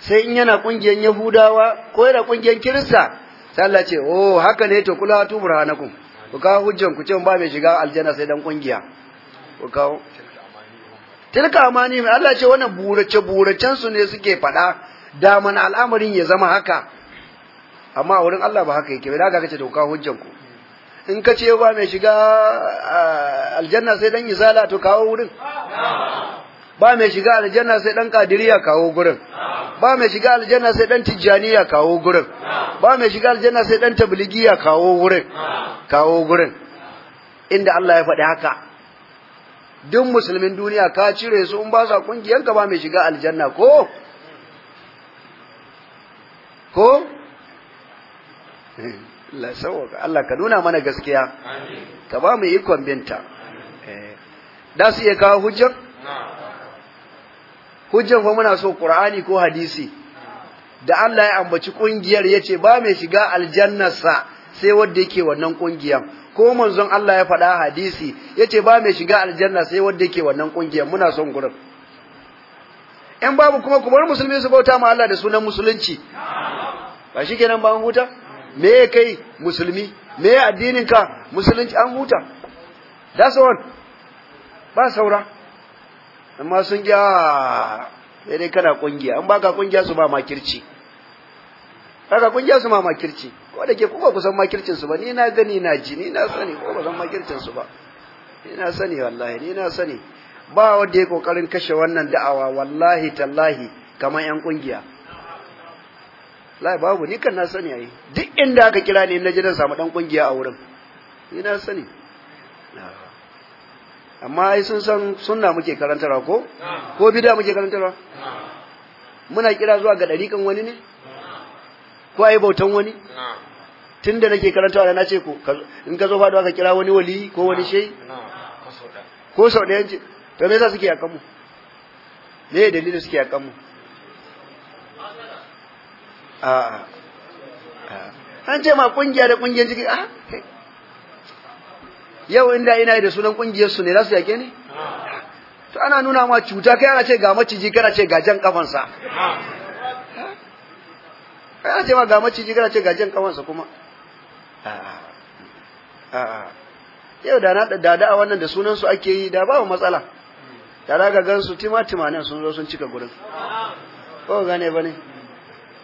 sai in yana kungiyan yahudawa ko yana kungiyan kirista sai Allah ce oh haka ne to kula tu burhanakum ku kawo hujjan ku ce ba mai shiga aljanna sai dan kungiya ku kawo tilka amani Allah ce wannan burace buracen su ne suke faɗa da mana al'amarin ya zama haka amma wurin Allah ba haka yake ba da ka ce to kawo hujjan ku in ka ce ba mai shiga aljanna sai dan izala to kawo wurin ba mai shiga aljanna sai dan kadiriya kawo gurin ba mai shiga aljanna sai dan tijjaniya kawo gurin ba mai shiga aljanna sai dan tabligiya kawo gurin kawo gurin inda Allah ya faɗi haka duk musulmin duniya ka cire su in ba sa kungiyanka ba mai shiga aljanna ko ko Allah Allah ka nuna mana gaskiya ka ba mu ikon binta eh. da su iya kawo hujjar hujjar fa muna so qur'ani ko hadisi da Allah ya ambaci kungiyar yace ba mai shiga aljannarsa sai wanda yake wannan kungiyar ko manzon Allah ya faɗa hadisi yace ba mai shiga aljanna sai wanda yake wannan kungiyar muna son gurin in babu kuma kuma musulmi su bauta ma Allah da sunan musulunci ba shi kenan ba mun huta me ya kai musulmi me ya addinin ka musulunci an huta that's all ba saura amma sun ja ah, sai dai kana kungiya an baka kungiya su ba makirci kaga kungiya su ma makirci ko da ke kuma kusan makircin su ba ni na gani na ji ni na sani ko kusan makircin su ba ni na sani wallahi ni na sani ba wanda ya kokarin kashe wannan da'awa wallahi tallahi kamar yan kungiya lai babu ni kan na sani yayi duk inda aka kira ni na ji dan samu dan kungiya a wurin ni na sani amma ai sun san sunna muke karantarwa ko ko bid'a muke karantarwa muna kira zuwa ga dariƙan wani ne ko ai bautan wani tun da nake karantawa na ce ko in ka zo faɗo aka kira wani wali ko wani shai ko sau ɗaya ce to me yasa suke yakan mu me dalilin suke yakan mu a ah. an ce ma kungiya da kungiyar jiki a ah, yau inda ina da sunan kungiyar su ne za su yake ne to ana nuna ma cuta kai ana ce ga maciji kana ce ga jan kafansa kai ana ce ma ga maciji kana ce ga jan kafansa kuma yau da na da a wannan da sunan su ake yi da babu matsala da raga gan gansu timatima nan sun zo sun cika gurin ko gane ba ne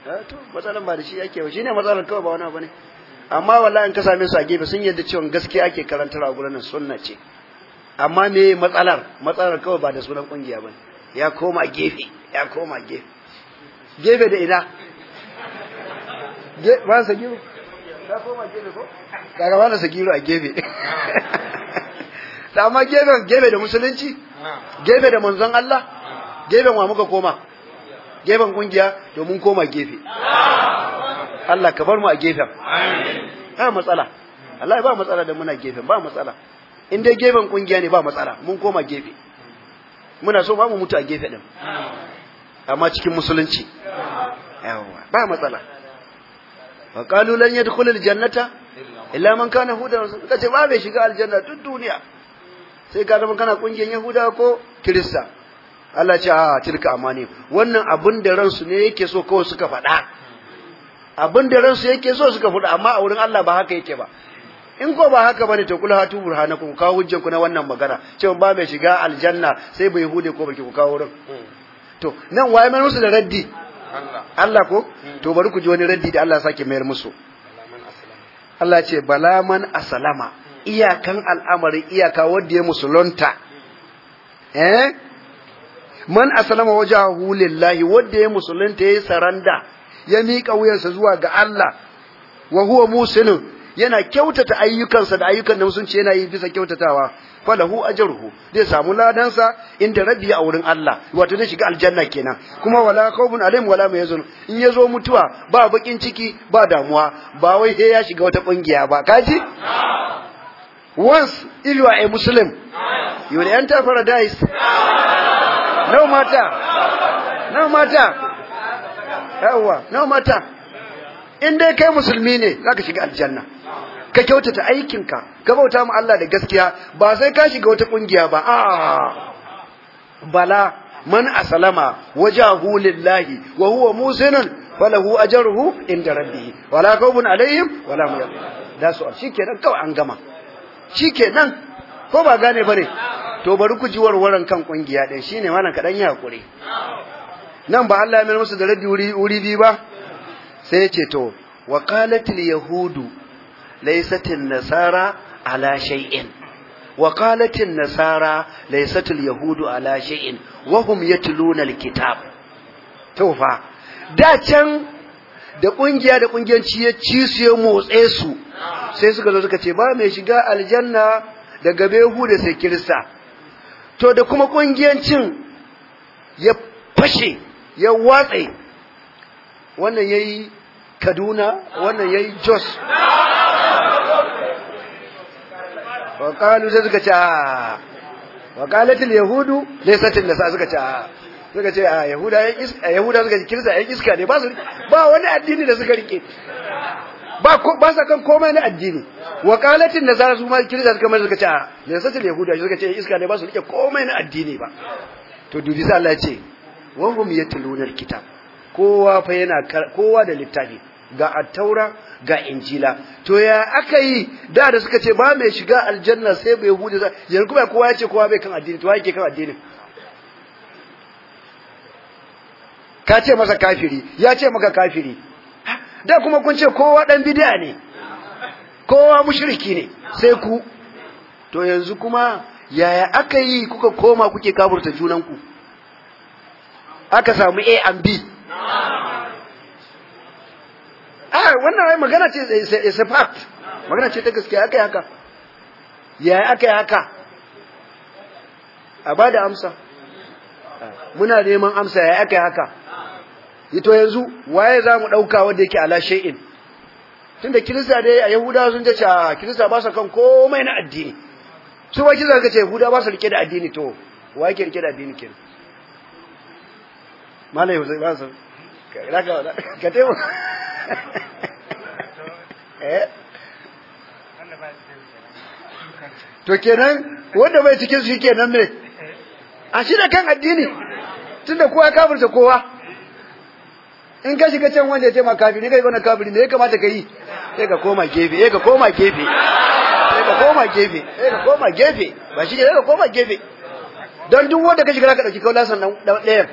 Eh, to matsalan ba da shi ake ba shine matsalan kawai ba wani abu ne amma wallahi in ka same su a gefe sun yadda cewa gaskiya ake karantar a gurin sunna ce amma me matsalar matsalar kawai ba da sunan kungiya bane ya koma gefe ya koma gefe gefe da ina ba sa gefe ya koma gefe ko daga ba sa gefe a gefe da amma gefe gefe da musulunci ah. gefe da manzon Allah ah. gefe wa muka koma gefen kungiya to mun koma gefe Allah ka bar mu a gefen ba matsala Allah ba matsala da muna gefen ba matsala in dai gefen kungiya ne ba matsala mun koma gefe muna so ba mu mutu a gefe din amma cikin musulunci yawa ba matsala wa qalu lan yadkhulul jannata illa man kana hudan kace ba bai shiga aljanna duk duniya sai ka zama kana kungiyar yahuda ko kirista Allah ce a tilka amani wannan abin da ransu ne yake so kawai suka faɗa abin da ransu yake so suka faɗa amma a wurin Allah ba haka yake ba in ko ba haka bane to kula hatu burhanakum kawo hujjanku na wannan magana cewa ba mai shiga aljanna sai bai hude ko baki ku kawo ran to nan waye mai musu da raddi Allah Allah ko hmm. to bari ku ji wani raddi da Allah sake mayar musu Allah ce bala man asalama hmm. iyakan al'amari iyaka wanda ya musulunta hmm. eh man aslama wajahu lillahi wanda ya musulunta yayi saranda ya mika wuyansa zuwa ga Allah wa huwa yana kyautata ayyukansa da ayyukan da musulunci yana yi bisa kyautatawa falahu ajruhu zai samu ladansa inda rabbi a wurin Allah wato zai shiga aljanna kenan kuma wala khawfun alaihim wala ma yazun in yazo mutuwa ba bakin ciki ba damuwa ba wai sai ya shiga wata kungiya ba kaji once ilwa a muslim you will enter paradise nawa mata nawa mata yawa nawa mata in dai kai musulmi ne za ka shiga aljanna ka kyautata aikinka ka bauta mu Allah da gaskiya ba sai ka shiga wata kungiya ba a bala man aslama wajahu lillahi wa huwa musinun falahu ajruhu inda rabbih wala khawfun alaihim wala hum yahzanun da su kenan kawai an gama kenan, ko ba gane bane to bari ku ji warwaran kan kungiya din shine wannan kadan ya hakuri nan ba Allah ya mai musu da radi wuri wuri bi ba sai yace to wa qalatil yahudu laysatil nasara ala shay'in wa qalatil nasara laysatil yahudu ala shay'in wa hum yatluna alkitab to fa da can da kungiya da kungiyanci ya ci su ya motse su sai suka zo suka ce ba mai shiga aljanna daga behu da sai kirista to da kuma kungiyancin ya fashe ya watse wannan yayi Kaduna wannan yayi Jos wa qalu sai suka ce wa qalat al yahudu laysat nasa suka ce suka ce a yahuda iska yahuda suka ce kirsa ya iska ne ba su ba wani addini da suka rike ba ba sa kan komai na addini wa qalatin nazara su ma kirista suka mai suka ce a ne sace yahuda suka ce iska ne ba su rike komai na addini ba to dudi sai Allah ya ce wa hum yatluna alkitab kowa fa yana kowa da littafi ga at at-taura ga injila to ya aka yi da da suka ce ba mai shiga aljanna sai bai hude yanzu kuma kowa ya ce kowa bai kan addini to wa ke kan addini? ka ce masa kafiri ya ce maka kafiri da kuma kun ce kowa dan bid'a ne kowa mushriki ne sai ku to yanzu kuma yaya aka yi kuka koma kuke kaburta junanku aka samu A and B ah wannan wai magana ce is a fact magana ce ta gaskiya aka yi haka yaya aka yi haka a ba da amsa muna neman amsa yaya aka yi haka to yanzu waye za mu ɗauka wanda yake ala shay'in tunda kirista dai a yahuda sun ce a kirista ba su kan komai na addini su ba kirista ka ce yahuda ba su rike da addini to wa yake rike da addini kenan malai zai ba su raka ka te mu eh? to kenan wanda bai cikin su kenan ne a shi da kan addini tunda kowa kafirta kowa in ka shiga can wanda ya ce ma kafiri kai wannan kafiri ne ya kamata ka yi sai ka koma gefe sai eh, ka koma gefe sai ka koma gefe sai eh, ka koma gefe ba shi ne sai eh, ka koma gefe don duk wanda ka shiga ka dauki kaula sannan ɗayan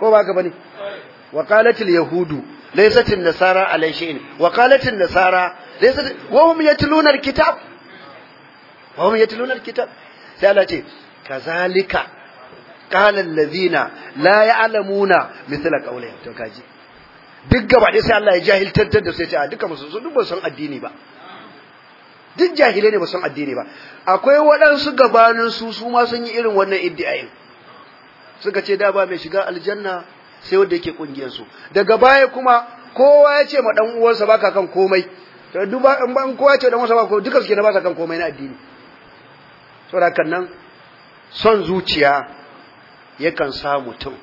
ko ba ka bane wa qalatil yahudu laysat nasara alai shi'in wa qalatil nasara laysat wa hum yatluna alkitab wa hum yatluna alkitab sai Allah ce kazalika qala allazina la ya'lamuna mithla qawlihim to kaji duk gaba ɗaya sai Allah ya jahiltar da sai ce a duka musu su duk ba san addini ba duk jahilai ne ba san addini ba akwai waɗansu gabanin su su ma sun yi irin wannan iddiyayin suka ce da ba mai shiga aljanna sai wanda yake kungiyar su daga baya kuma kowa ya ce ma dan uwansa baka kan komai to duba in ban kowa ya ce dan uwansa baka duka suke na ba sa kan komai na addini saboda kan nan son zuciya yakan sa mutum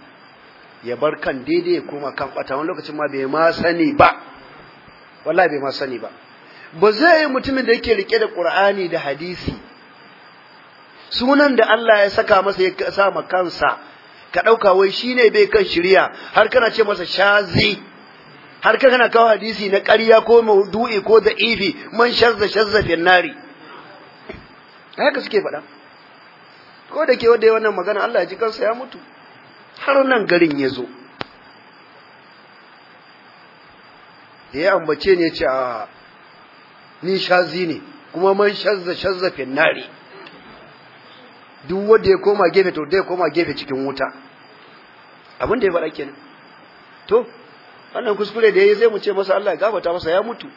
ya bar kan daidai ya koma kan bata wani lokacin ma bai ma sani ba wallahi bai ma sani ba ba zai yi mutumin da yake rike da Qur'ani da hadisi sunan da Allah ya saka masa ya sa ma kansa ka dauka wai shine bai kan shiriya har kana ce masa shazi har ka kana kawo hadisi na ƙarya ko maudu'i ko da'ifi man shazza shazza fi nari haka suke faɗa ko da ke wanda ya wannan magana Allah ya ji kansa ya mutu har nan garin ya zo da ya ambace ne ce a ni shazi ne kuma man shazza shazza finnari duk wanda ya koma gefe to dai koma gefe cikin wuta abin da ya faɗa kenan to wannan kuskure da ya yi zai mu ce masa Allah ya gabata masa ya mutu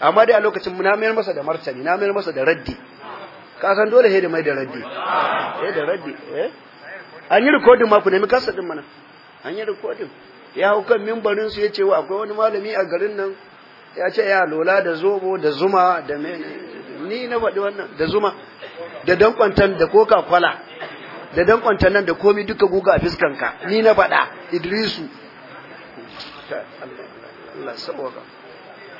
amma dai a lokacin na mayar masa da martani na mayar masa da raddi kasan dole he da mai da raddi eh da raddi eh an yi recording ma ku nemi kasa din mana an yi recording ya hau kan mimbarin su yace wa akwai wani malami a garin nan ya ce ya lola da zobo da zuma da mene ni na faɗi wannan da zuma da dankwantan da koka kwala da dankwantan nan da komi duka guga a fiskanka ni na faɗa idrisu Allah ya sauka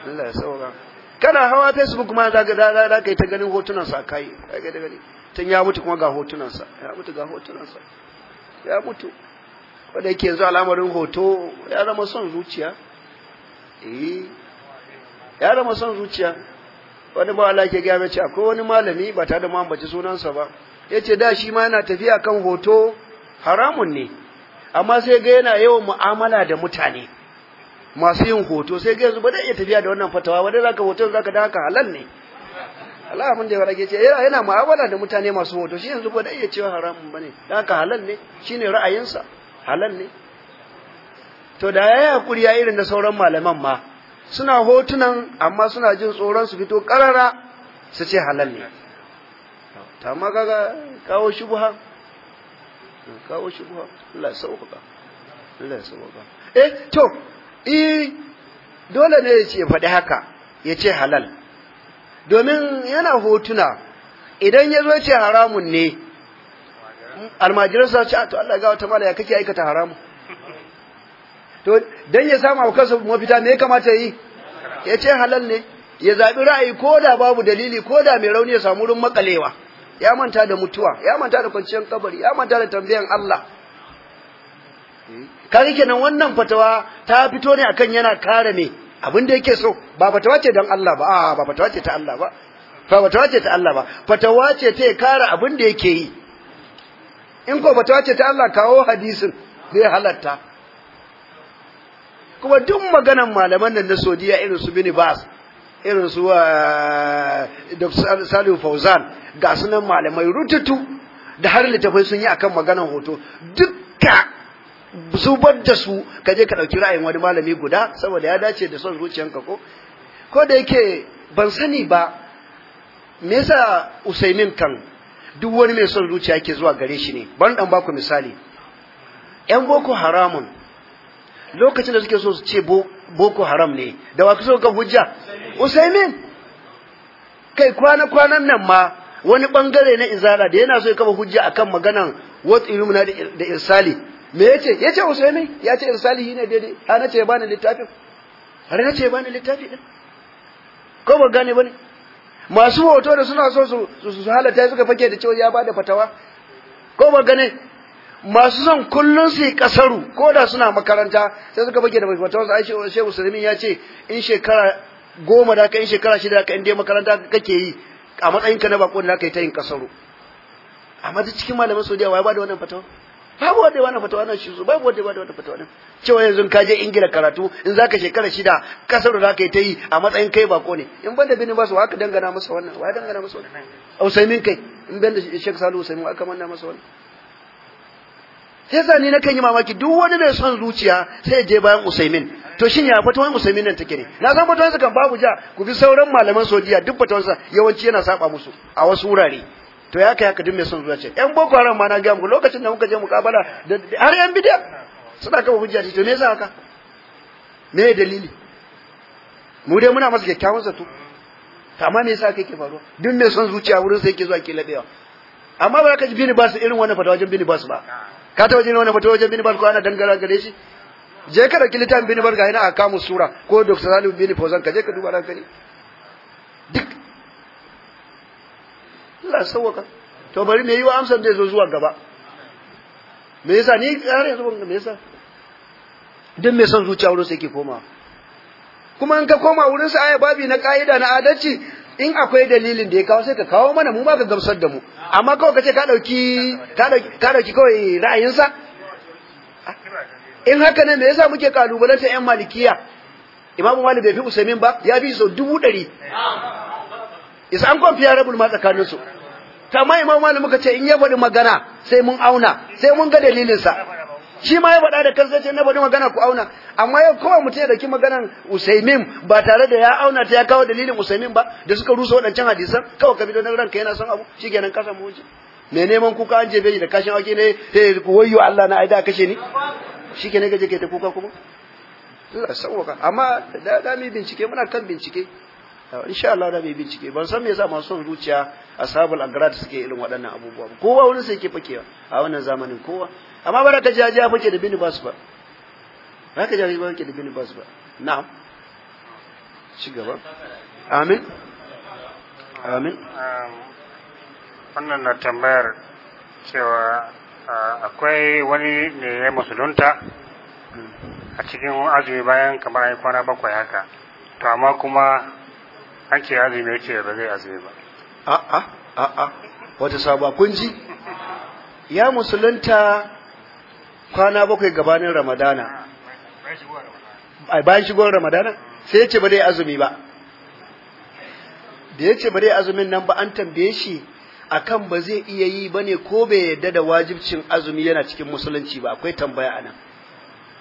Allah ya sauka kana hawa facebook ma za ka za ka yi ta ganin hotunan sa kai ka ga gani tun ya mutu kuma ga hotunan sa ya mutu ga hotunan sa ya mutu wanda yake yanzu al'amarin hoto ya zama son zuciya eh ya zama son zuciya wani ba Allah ke gaya mace akwai wani malami ba tare da mu ambaci sunansa ba yace da shi ma yana tafiya kan hoto haramun ne amma sai ga yana yawan mu'amala da mutane masu yin hoto sai ga yanzu ba zai iya tafiya da wannan fatawa ba, dai zaka hoton zaka da haka halal ne Allah mun da ya rage ce eh, yana mu'amala da mutane masu hoto shi yanzu ba zai iya cewa haramun bane da haka halal ne shine ra'ayinsa halal ne to da yayi hakuri ya irin da sauran malaman ma suna hotunan amma suna jin tsoron su fito karara su ce halal ne to amma kaga kawo shubha kawo shubha Allah ya sauka Allah ya sauka eh to I e, dole ne ya ce faɗi haka ya ce halal domin yana hotuna idan ya zo ce haramun ne almajiran ce to Allah ga wata mala ya kake aikata haramun to don ya samu kansa mafita me ya kamata yi ya ce halal ne ya zaɓi ra'ayi ko da babu dalili ko da mai rauni ya samu wurin makalewa ya manta da mutuwa ya manta da kwanciyar kabari ya manta da tambayan Allah kaga kenan wannan fatawa ta fito ne akan yana kare me abin da yake so ba fatawa ce don Allah ba a ba fatawa ce ta Allah ba fa fatawa ce ta Allah ba fatawa ce ta kare abin da yake yi in ko fatawa ce ta Allah kawo hadisin zai halatta kuma duk maganan malaman nan na Saudiya irin su Bin Bas irin su ah, Dr. Salim Fauzan ga sunan malamai rututu da har littafai sun yi akan maganan hoto duka. zubar da su ka je ka ɗauki ra'ayin wani malami guda saboda ya dace da son zuciyanka ko ko da yake ban sani ba me yasa usaimin kan duk wani mai son zuciya ke zuwa gare shi ne ban dan baku misali yan boko haramun lokacin da suke so su ce boko haram ne da wa so hujja usaimin kai kwana kwanan nan ma wani bangare na izara da yana so ya kama hujja akan maganan wat na da irsali me yace yace usaimi yace salihi ne daidai ha nace ya bani littafin har nace ya bani littafi din ko ba gane bane masu hoto da suna so su su halatta suka fake da cewa ya bada fatawa ko ba gane masu son kullun su kasaru ko da suna makaranta sai suka fake da fatawa sai shehu shehu ya ce in shekara goma da ka in shekara shida ka in dai makaranta kake yi a matsayinka na bako da kai yi ta yin kasaru amma duk cikin malamin Saudiya wai ba da wannan fatawa babu wanda ya bani fatawa nan shi su babu wanda ya bani wannan fatawa nan cewa yanzu ka je ingila karatu in ka shekara shida kasar da ka yi ta yi a matsayin kai bako ne in da bini ba su haka dangana masa wannan wa dangana masa wannan usaimin kai in ban da shek salu usaimin aka manna masa wannan sai sa ni nakan yi mamaki duk wani mai son zuciya sai je bayan usaimin to shin ya fatawan usaimin nan take ne na san fatawan kan babu ja ku bi sauran malaman sojiya duk fatawan sa yawanci yana saba musu a wasu wurare to ya kai haka duk mai son zuwa ce yan boko haram ma na gaya muku lokacin da muka je mukabala har yan bidiya suna kafa hujja ce to me yasa haka me dalili mu dai muna masa kyakkyawan zato amma me yasa kai ke faruwa duk mai son zuciya wurin sai yake zuwa ke labewa amma ba ka ji bini basu irin wannan fata wajen bini basu ba ka ta wajen wannan fata wajen bini basu ko ana dangara gare shi je ka da kilitan bini bar ga yana kamu sura ko dr salim bini fauzan ka je ka duba ran gani duk Allah sauwaka to bari me yi wa amsar da zo zuwa gaba me yasa ni kare yanzu me yasa dan me son zuciya wurin sai ke koma kuma in ka koma wurin sa aya babi na kaida na adalci in akwai dalilin da ya kawo sai ka kawo mana mu ba ka gamsar da mu amma kawai kace ka ce ka dauki ka dauki kawai ra'ayin sa in haka ne me yasa muke kalubalanta yan malikiya imamu malik bai fi usaimin ba ya fi so dubu ɗari isa an comparable ma tsakanin su kama imam malik muka ce in ya faɗi magana sai mun auna sai mun ga dalilin sa shi ma ya faɗa da kansa ce na faɗi magana ku auna amma yau kowa mutum ya daki maganar usaimin ba tare da ya auna ta ya kawo dalilin usaimin ba da suka rusa waɗancan hadisan kawai ka bi don ranka yana son abu shi kenan samu wuce me neman kuka an jebe da kashin wake ne ku wayyo Allah na aida kashe ni kenan gaje ke ta kuka kuma Allah sauka amma da da mi bincike muna kan bincike aikatawa insha Allah da bai bincike ban san me yasa masu son zuciya ashabul agrad suke irin waɗannan abubuwa kowa wani sai yake fakewa a wannan zamanin kowa amma ba ka jaji ya fake da bin bas ba ba ka jaji ba fake da bin bas ba na'am ci gaba amin amin um, wannan na tambayar cewa uh, akwai wani ne ya musulunta a cikin azumi bayan kamar ayi kwana bakwai haka to amma kuma an ce azumi yake ba zai azumi ba a'a a'a wata sabuwa kun ji ya musulunta kwana bakwai gabanin ramadana a bayan shigowar ramadana sai ya ce ba zai azumi ba da ya ce ba zai azumin nan ba an tambaye shi akan ba zai iya yi ba ne ko bai yarda da wajibcin azumi yana cikin musulunci ba akwai tambaya a nan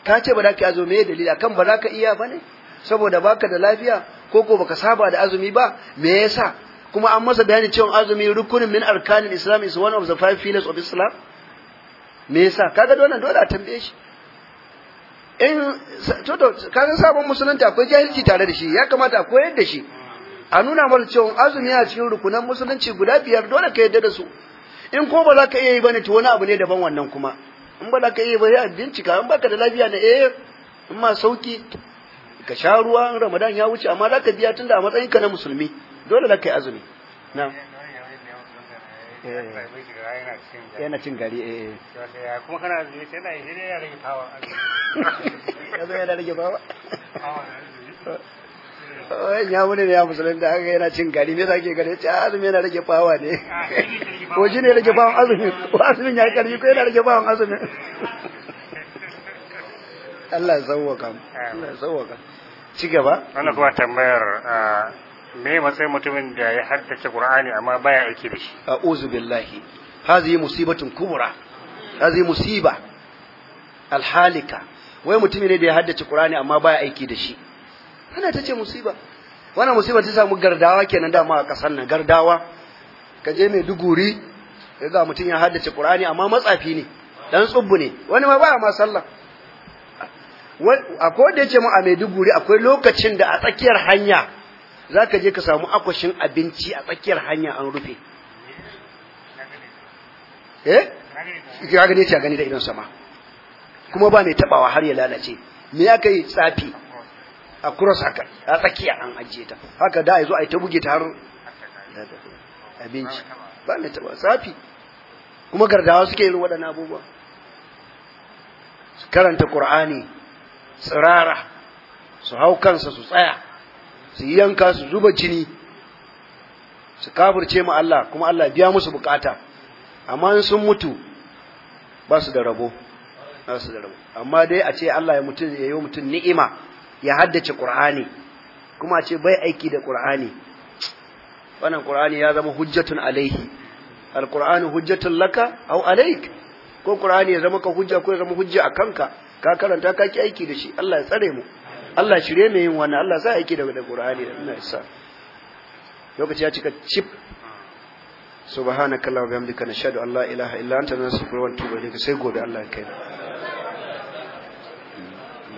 ka ce ba za ka azumi ya dalili akan ba za ka iya ba ne saboda baka da lafiya Koko baka saba da azumi ba me yasa kuma an masa bayani cewa azumi rukunin min arkanin islam is one of the five pillars of islam me yasa kaga dole dole a tambaye shi in to to kaga sabon musulunta akwai jahilci tare da shi ya kamata a koyar da shi a nuna mana cewa azumi a cikin rukunan musulunci guda biyar dole ka yarda da su in ko ba za ka iya yi bane to wani abu ne daban wannan kuma in ba za ka iya ba ya bincika in baka da lafiya na eh in ma sauki ka sha ruwa ramadan ya wuce amma zaka biya tunda a matsayin ka na musulmi dole da yi azumi na eh, yana cin gari eh kuma kana azumi sai na yi ne ya rage fawa yazo yana rage fawa ya wani ne ya musulun da aka yana cin gari me sake gari ce ah, azumi yana rage fawa ne ah, ko shi ne rage fawan azumi ko azumin ya karfi ko yana rage fawan azumin Allah ya zawwaka mu Allah ya zawwaka ci gaba Ana kuma tambayar me matsayin mutumin da ya haddace Qur'ani amma baya aiki da shi a'udhu billahi Hazi musibatun kubra Hazi musiba alhalika wai mutumin ne da ya haddace Qur'ani amma baya aiki da shi ana ta ce musiba wannan musiba ta samu gardawa kenan da ma a kasar nan gardawa ka je mai duguri ga mutum ya haddace Qur'ani amma matsafi ne dan tsubbu ne wani ma baya ma sallah akwai da yake mu a Maiduguri akwai lokacin da a tsakiyar hanya zaka je ka samu akwashin abinci a tsakiyar hanya an rufe eh ya gane ya gani da idan sama kuma ba mai tabawa har ya lalace me ya kai tsafi a cross haka a tsakiya an ajiye ta haka da yazo ai ta buge ta har abinci ba mai tabawa tsafi kuma gardawa suke yin waɗannan abubuwa karanta Qur'ani tsirara su hau kansa su tsaya su yi yanka su zuba jini su kafirce mu Allah kuma Allah biya musu bukata amma in sun mutu ba su da rabo ba su da rabo amma dai a ce Allah ya mutum ya yi mutum ni'ima ya haddace Qur'ani kuma a ce bai aiki da Qur'ani wannan Qur'ani ya zama hujjatun alaihi al-Qur'anu hujjatun laka aw alaik ko Qur'ani ya zama ka hujja ko ya zama hujja a kanka ka karanta ka ki aiki da shi Allah ya tsare mu Allah shirye mu yin wannan Allah sa aiki da Qur'ani da ina sa. lokaci ya cika chip subhanakallahumma wa bihamdika nashhadu an la ilaha illa anta nastaghfiruka wa natubu ilayk sai gobe Allah ya kai